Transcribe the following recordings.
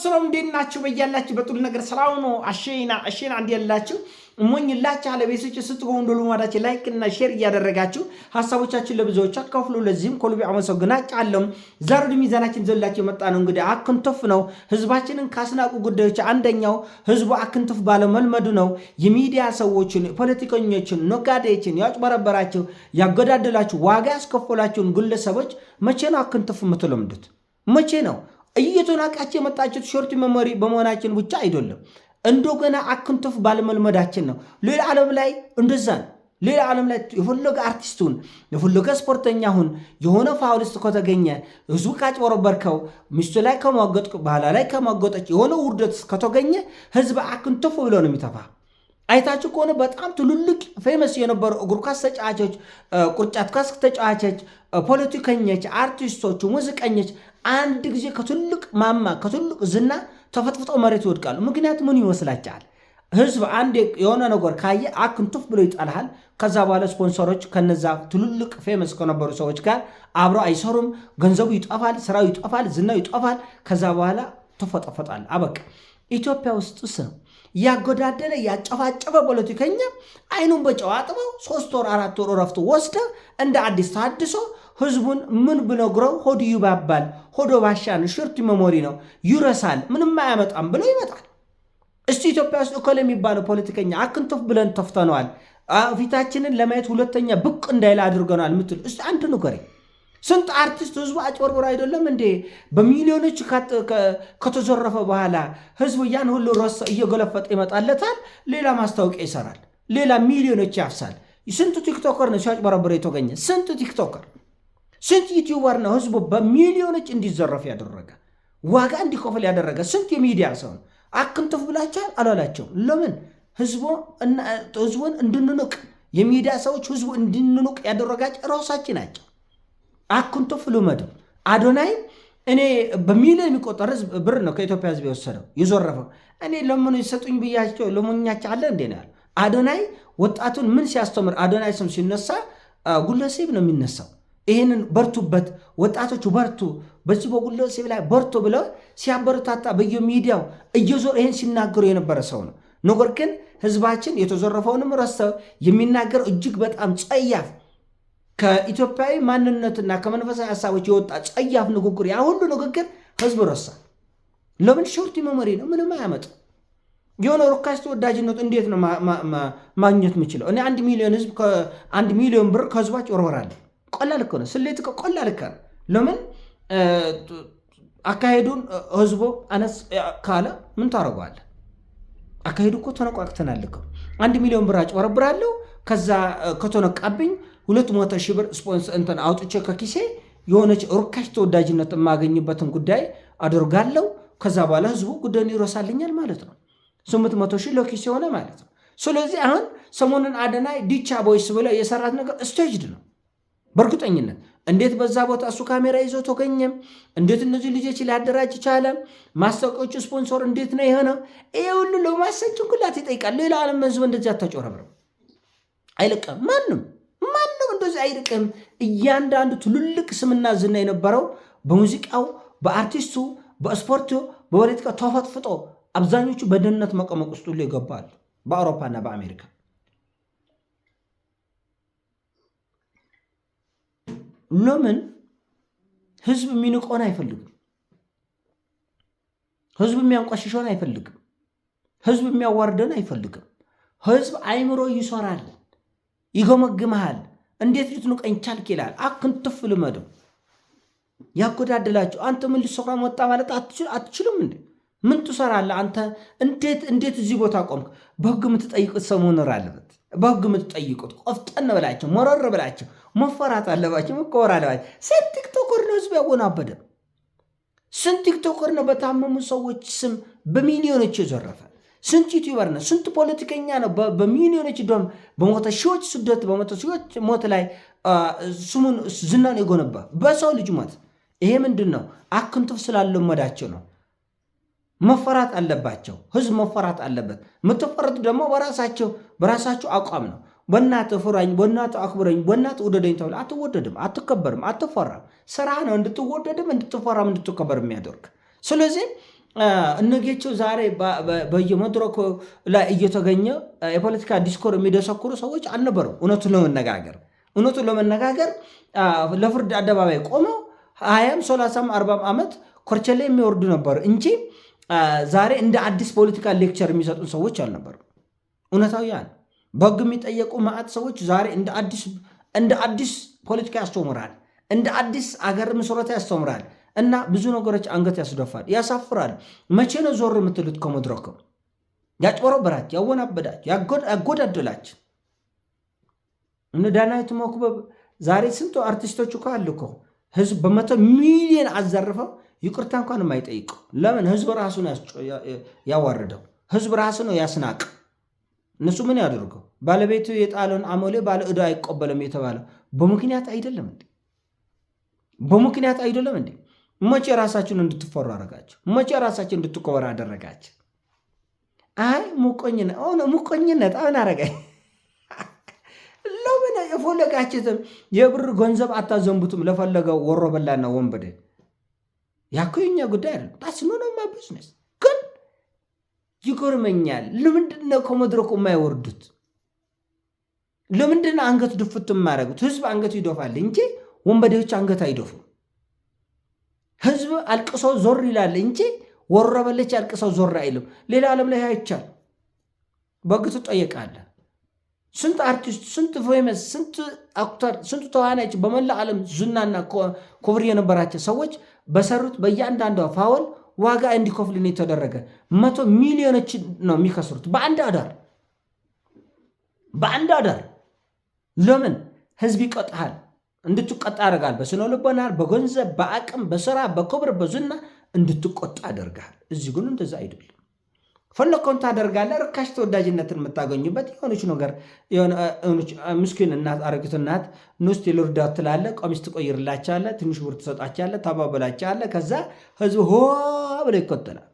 ወስኖም እንዴት ናችሁ? በያላችሁ በጡል ነገር ስራው ነው አሸና አሸና እንዲ ያላችሁ እሞኝላችሁ አለ ቤቶች ስትሆኑ እንደ ልማዳችሁ ላይክ እና ሼር እያደረጋችሁ ሀሳቦቻችሁን ለብዙዎች አካፍሉ። ለዚህም ከልቤ አመሰግናችኋለሁ። ዛሬ ወደ ሚዛናችን ዘላችሁ የመጣ ነው እንግዲህ አክንቶፍ ነው። ህዝባችንን ካስናቁ ጉዳዮች አንደኛው ህዝቡ አክንቶፍ ባለመልመዱ ነው። የሚዲያ ሰዎችን፣ ፖለቲከኞችን፣ ነጋዴዎችን ያጭበረበራችሁ፣ ያገዳደላችሁ፣ ዋጋ ያስከፈላችሁን ግለሰቦች መቼ ነው አክንቶፍ የምትለምዱት? መቼ ነው እየተላቃች የመጣችት ሾርት መሞሪ በመሆናችን ብቻ አይደለም፣ እንደገና አክንቶፍ ባለመልመዳችን ነው። ሌላ ዓለም ላይ እንደዛ ነው። ሌላ ዓለም ላይ የፈለገ አርቲስት ሁን፣ የፈለገ ስፖርተኛ ሁን፣ የሆነ ፋውልስት ከተገኘ ህዝቡ ካጭበረበርከው፣ ሚስቱ ላይ ከማገጥኩ፣ ባህላ ላይ ከማገጠች የሆነ ውርደት ከተገኘ ህዝብ አክንቶፍ ብሎ ነው የሚተፋ። አይታችሁ ከሆነ በጣም ትልልቅ ፌመስ የነበሩ እግር ኳስ ተጫዋቾች፣ ቅርጫት ኳስ ተጫዋቾች፣ ፖለቲከኞች፣ አርቲስቶች፣ ሙዚቀኞች አንድ ጊዜ ከትልቅ ማማ ከትልቅ ዝና ተፈጥፍጦ መሬት ይወድቃሉ። ምክንያቱ ምን ይመስላችኋል? ህዝብ አንድ የሆነ ነገር ካየ አክንቱፍ ብሎ ይጠልሃል። ከዛ በኋላ ስፖንሰሮች ከነዛ ትልልቅ ፌመስ ከነበሩ ሰዎች ጋር አብረው አይሰሩም። ገንዘቡ ይጠፋል፣ ስራው ይጠፋል፣ ዝናው ይጠፋል። ከዛ በኋላ ተፈጠፈጣል። አበቃ። ኢትዮጵያ ውስጥ ስ ያጎዳደለ ያጨፋጨፈ ፖለቲከኛ አይኑን በጨው አጥበው ሶስት ወር አራት ወር እረፍት ወስደ እንደ አዲስ ታድሶ ህዝቡን ምን ብነግረው ሆዱ ይባባል፣ ሆዶ ባሻን ሽርት መሞሪ ነው ይረሳል፣ ምንም አያመጣም ብሎ ይመጣል። እስቲ ኢትዮጵያ ውስጥ እኮል ለሚባለው ፖለቲከኛ አክንቶፍ ብለን ተፍተነዋል፣ ፊታችንን ለማየት ሁለተኛ ብቅ እንዳይል አድርገናል ምትል እስቲ አንድ ንገረኝ። ስንት አርቲስት ህዝቡ አጭበርብሮ አይደለም እንዴ በሚሊዮኖች ከተዘረፈ በኋላ ህዝቡ ያን ሁሉ ረሳ እየገለፈጠ ይመጣለታል። ሌላ ማስታወቂያ ይሰራል፣ ሌላ ሚሊዮኖች ያፍሳል። ስንቱ ቲክቶከር ነው ሲያጭበረብር የተገኘ ስንቱ ቲክቶከር ስንት ዩቲዩበር ነው ህዝቡ በሚሊዮኖች እንዲዘረፍ ያደረገ ዋጋ እንዲከፍል ያደረገ ስንት የሚዲያ ሰው ነው? አክምጥፍ ብላቸዋል አላላቸውም። ለምን ህዝቡን እንድንንቅ የሚዲያ ሰዎች ህዝቡ እንድንንቅ ያደረጋቸው ራሳችን ናቸው። አክንቶፍ ልመዱ አዶናይ እኔ በሚሊዮን የሚቆጠር ህዝብ ብር ነው ከኢትዮጵያ ህዝብ የወሰደው የዞረፈው። እኔ ለምኑ ይሰጡኝ ብያቸው ለሞኛቸው አለ እንዴ ያሉ አዶናይ ወጣቱን ምን ሲያስተምር አዶናይ ስም ሲነሳ ጉለሴብ ነው የሚነሳው ይህንን በርቱበት ወጣቶቹ በርቱ፣ በዚህ በጉሎ ሲብ ላይ በርቱ ብለው ሲያበረታታ በየሚዲያው እየዞር ይህን ሲናገሩ የነበረ ሰው ነው። ነገር ግን ህዝባችን የተዘረፈውንም ረስተው የሚናገር እጅግ በጣም ጸያፍ ከኢትዮጵያዊ ማንነትና ከመንፈሳዊ ሀሳቦች የወጣ ጸያፍ ንግግር፣ ያ ሁሉ ንግግር ህዝብ ረሳ። ለምን ሾርቲ መመሪ ነው፣ ምንም አያመጥ። የሆነ ርካሽ ተወዳጅነት እንዴት ነው ማግኘት የምችለው? እኔ አንድ ሚሊዮን ህዝብ አንድ ሚሊዮን ብር ከህዝባች ወርወራለሁ ቆላል እኮ ነው። ስሌት እኮ ቆላል እኮ ነው። ለምን አካሄዱን ህዝቡ አነስ ካለ ምን ታደርገዋለህ? አካሄዱ እኮ ተነቋቅተናል እኮ። አንድ ሚሊዮን ብር አጭበረብራለሁ ከዛ ከተነቃብኝ ሁለት መቶ ሺህ ብር ስፖንስ እንትን አውጥቼ ከኪሴ የሆነች ርካሽ ተወዳጅነት የማገኝበትን ጉዳይ አድርጋለሁ። ከዛ በኋላ ህዝቡ ጉዳዩን ይረሳልኛል ማለት ነው። ስምንት መቶ ሺህ ለኪሴ ሆነ ማለት ነው። ስለዚህ አሁን ሰሞኑን አደናይ ዲቻ ቦይስ ብለ የሰራት ነገር ስቴጅድ ነው። በእርግጠኝነት እንዴት በዛ ቦታ እሱ ካሜራ ይዞ ተገኘም? እንዴት እነዚህ ልጆች ሊያደራጅ ቻለ ማስታወቂያዎቹ ስፖንሰር እንዴት ነው የሆነው? ይሄ ሁሉ ለማሰጅ ኩላት ይጠይቃል። ሌላ ዓለም መንዝበ እንደዚህ አታጮረብረም፣ አይልቅም። ማንም ማንም እንደዚህ አይልቅም። እያንዳንዱ ትልልቅ ስምና ዝና የነበረው በሙዚቃው፣ በአርቲስቱ፣ በስፖርቱ፣ በፖለቲካ ተፈጥፍጦ አብዛኞቹ በደህንነት መቀመቅ ውስጥ ሁሉ ይገባሉ በአውሮፓና በአሜሪካ ለምን ህዝብ የሚንቆን አይፈልግም። ህዝብ የሚያንቋሽሾን አይፈልግም። ህዝብ የሚያዋርደን አይፈልግም። ህዝብ አይምሮ ይሰራል፣ ይገመግመሃል። እንዴት ልትንቀኝ ቻልክ ይላል። አክንትፍ ልመደው ያጎዳደላቸው አንተ ምን ልትሰራ መጣ ማለት አትችልም እንዴ? ምን ትሰራለህ አንተ? እንዴት እንዴት እዚህ ቦታ ቆምክ? በህግ የምትጠይቅ ሰው መኖር በህግ የምትጠይቁት ቆፍጠን በላቸው፣ ሞረር በላቸው፣ መፈራት አለባቸው መከወር አለባቸው። ስንት ቲክቶከር ነው ህዝብ ያወናበደ? ስንት ቲክቶከር ነው በታመሙ ሰዎች ስም በሚሊዮኖች የዘረፈ? ስንት ዩቲዩበር ነው? ስንት ፖለቲከኛ ነው በሚሊዮኖች ዶም በሞተ ሺዎች ስደት በሞተ ሺዎች ሞት ላይ ስሙን ዝናን የጎነባ በሰው ልጅ ሞት። ይሄ ምንድን ነው? አክንቱፍ ስላለመዳቸው ነው። መፈራት አለባቸው። ህዝብ መፈራት አለበት። የምትፈረቱ ደግሞ በራሳቸው በራሳቸው አቋም ነው። በእናት ፍራኝ፣ በእናት አክብረኝ፣ በእናት ውደደኝ ተብለ አትወደድም፣ አትከበርም፣ አትፈራም። ስራ ነው እንድትወደድም እንድትፈራም እንድትከበር የሚያደርግ ስለዚህ እነጌቸው ዛሬ በየመድረኩ ላይ እየተገኘ የፖለቲካ ዲስኮር የሚደሰኩሩ ሰዎች አልነበረም። እውነቱን ለመነጋገር እውነቱን ለመነጋገር ለፍርድ አደባባይ ቆመው ሀያም ሰላሳም አርባም ዓመት ኮርቸላ የሚወርዱ ነበር እንጂ ዛሬ እንደ አዲስ ፖለቲካ ሌክቸር የሚሰጡን ሰዎች አልነበሩ። እውነታው ያ በህግ የሚጠየቁ ማዕት ሰዎች ዛሬ እንደ አዲስ ፖለቲካ ያስተምራል፣ እንደ አዲስ አገር ምስረታ ያስተምራል። እና ብዙ ነገሮች አንገት ያስደፋል፣ ያሳፍራል። መቼ ነው ዞር የምትሉት ከመድረክም? ያጭበረበራች፣ ያወናበዳች፣ ያጎዳደላች እነ ዳናዊት መክበብ ዛሬ ስንቶ አርቲስቶች እኮ አሉ እኮ ህዝብ በመቶ ሚሊዮን አዘርፈው ይቅርታ እንኳን የማይጠይቅ ለምን? ህዝብ ራሱ ነው ያዋረደው። ህዝብ ራሱ ነው ያስናቅ። እነሱ ምን ያደርገው? ባለቤቱ የጣለውን አሞሌ ባለ እዶ አይቆበለም የተባለ በምክንያት አይደለም እንዴ? በምክንያት አይደለም እንዴ? መቼ ራሳችሁን እንድትፈሩ አደረጋችሁ? መቼ ራሳችሁን እንድትኮበሩ አደረጋችሁ? አይ ሙቆኝነት ሆነ ሙቆኝነት አሁን አረገ ለምን የፈለጋችሁትም የብር ገንዘብ አታዘንቡትም ለፈለገው ወሮበላና ወንበዴ ያኮ የኛ ጉዳይ አይደለም። ታስ ኖ ነው ማይ ቢዝነስ። ግን ይጎርመኛል። ለምንድን ነው ከመድረኩ የማይወርዱት? ለምንድን ነው አንገት ድፍት የማያደርጉት? ህዝብ አንገቱ ይደፋል እንጂ ወንበዴዎች አንገት አይደፉም። ህዝብ አልቅሶ ዞር ይላል እንጂ ወረበለች አልቅሶ ዞር አይልም። ሌላ ዓለም ላይ አይቻል በግ ትጠየቃለህ። ስንት አርቲስት፣ ስንት ፌመስ፣ ስንት አክተር፣ ስንት ተዋናዮች በመላ ዓለም ዝናና ክብር የነበራቸው ሰዎች በሰሩት በእያንዳንዷ ፋውል ዋጋ እንዲከፍልን የተደረገ መቶ ሚሊዮኖች ነው የሚከስሩት በአንድ አዳር በአንድ አዳር። ለምን ህዝብ ይቆጣሃል፣ እንድትቀጣ ያደርጋል። በስነ ልቦናል፣ በገንዘብ፣ በአቅም፣ በስራ፣ በክብር፣ በዝና እንድትቆጣ ያደርግሃል። እዚህ ግን እንደዛ አይደለም። ፈለግከውን ታደርጋለህ። ርካሽ ተወዳጅነትን የምታገኙበት የሆነች ነገር ምስኪን እናት አረቂቱ እናት ንስት ልርዳት ትላለህ። ቀሚስ ትቆይርላቸዋለህ፣ ትንሽ ብር ትሰጣቸዋለህ፣ ታባበላቸዋለህ። ከዛ ህዝብ ሆ ብሎ ይከተላል።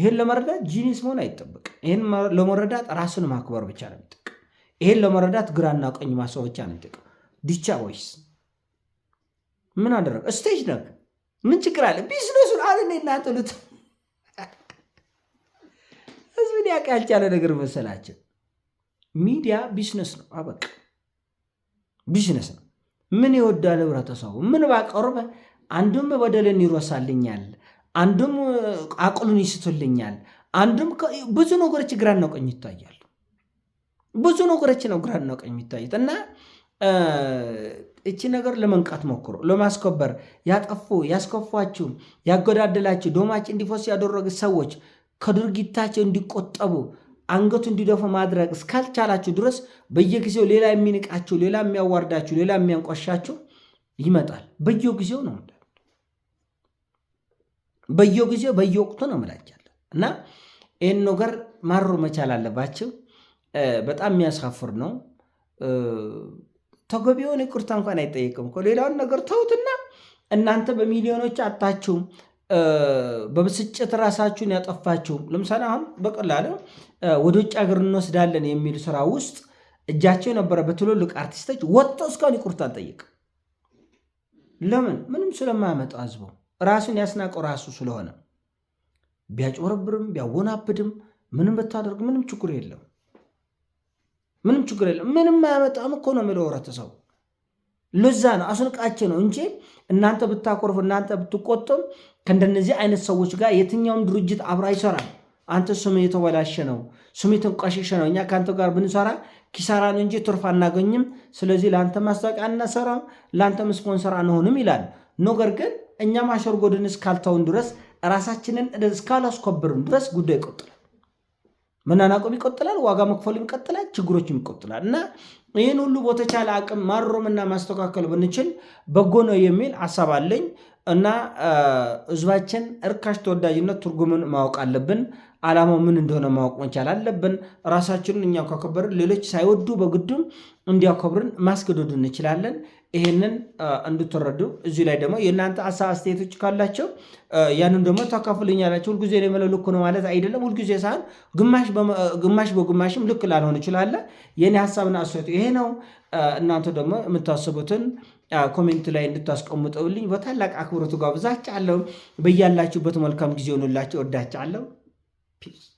ይህን ለመረዳት ጂኒስ መሆን አይጠበቅ። ይህን ለመረዳት ራስን ማክበር ብቻ ነው የሚጠቅም። ይህን ለመረዳት ግራና ቀኝ ማሰብ ብቻ ነው የሚጠቅም። ዲቻ ወይስ ምን አደረግ ስቴጅ ነክ ምን ችግር አለ? ቢዝነሱን አለ እናንተ ሊያውቅ ያልቻለ ነገር መሰላችን። ሚዲያ ቢዝነስ ነው፣ አበቃ ቢዝነስ ነው። ምን ይወዳል ህብረተሰቡ? ምን ባቀርበ አንዱም በደልን ይሮሳልኛል፣ አንዱም አቅሉን ይስቱልኛል፣ አንዱም ብዙ ነገሮች ግራና ቀኝ ይታያል። ብዙ ነገሮች ነው ግራና ቀኝ ይታዩት እና እቺ ነገር ለመንቃት ሞክሮ ለማስከበር ያጠፉ ያስከፏችሁ ያጎዳደላችሁ ዶማች እንዲፈስ ያደረጉ ሰዎች ከድርጊታቸው እንዲቆጠቡ አንገቱ እንዲደፉ ማድረግ እስካልቻላችሁ ድረስ በየጊዜው ሌላ የሚንቃችሁ፣ ሌላ የሚያዋርዳችሁ፣ ሌላ የሚያንቋሻችሁ ይመጣል። በየጊዜው ነው በየጊዜው በየወቅቱ ነው ምላቻለን እና ይህን ነገር ማሮ መቻል አለባቸው። በጣም የሚያሳፍር ነው። ተገቢውን ይቅርታ እንኳን አይጠየቅም። ሌላውን ነገር ተውትና እናንተ በሚሊዮኖች አታችሁም። በብስጭት ራሳችሁን ያጠፋችሁ። ለምሳሌ አሁን በቀላሉ ወደ ውጭ ሀገር እንወስዳለን የሚል ስራ ውስጥ እጃቸው የነበረ በትልልቅ አርቲስቶች ወጥተው እስካሁን ይቅርታ አልጠየቅም። ለምን? ምንም ስለማያመጣ ህዝቡ ራሱን ያስናቀው ራሱ ስለሆነ ቢያጭበረብርም ቢያወናብድም ምንም ብታደርግ ምንም ችግር የለም። ምንም ችግር የለም። ምንም አያመጣም እኮ ነው የሚለው ህብረተሰቡ። ለዛ ነው አስንቃቼ ነው እንጂ እናንተ ብታኮርፍ እናንተ ብትቆጥም ከእንደነዚህ አይነት ሰዎች ጋር የትኛውም ድርጅት አብራ ይሰራል። አንተ ስም የተበላሸ ነው፣ ስም የተንቋሸሸ ነው። እኛ ከአንተ ጋር ብንሰራ ኪሳራ ነው እንጂ ትርፍ አናገኝም። ስለዚህ ለአንተ ማስታወቂያ አናሰራም፣ ለአንተም ስፖንሰር አንሆንም ይላል። ነገር ግን እኛ ማሸርጎድን እስካልተውን ድረስ ራሳችንን እስካላስከበርን ድረስ ጉዳይ ይቆጥራል። መናናቆም ይቆጥላል፣ ዋጋ መክፈልም ይቀጥላል፣ ችግሮችም ይቆጥላል እና ይህን ሁሉ በተቻለ አቅም ማሮምና ማስተካከል ብንችል በጎ ነው የሚል ሀሳብ አለኝ እና ህዝባችን እርካሽ ተወዳጅነት ትርጉምን ማወቅ አለብን። ዓላማው ምን እንደሆነ ማወቅ መቻል አለብን። ራሳችንን እኛ ካከበርን ሌሎች ሳይወዱ በግዱም እንዲያከብርን ማስገደዱ እንችላለን። ይህንን እንድትረዱ እዚህ ላይ ደግሞ የእናንተ አሳ አስተያየቶች ካላቸው ያንን ደግሞ ታካፍልኛላቸው። ሁልጊዜ እኔ የምለው ልክ ነው ማለት አይደለም። ሁልጊዜ ሳይሆን ግማሽ በግማሽም ልክ ላልሆን ይችላለ። የኔ ሀሳብና አስተያየቱ ይሄ ነው። እናንተ ደግሞ የምታስቡትን ኮሜንት ላይ እንድታስቀምጠውልኝ በታላቅ አክብሮት ጋብዛችኋለሁ። በያላችሁበት መልካም ጊዜ ሆኑላችሁ። ወዳችኋለሁ። Peace.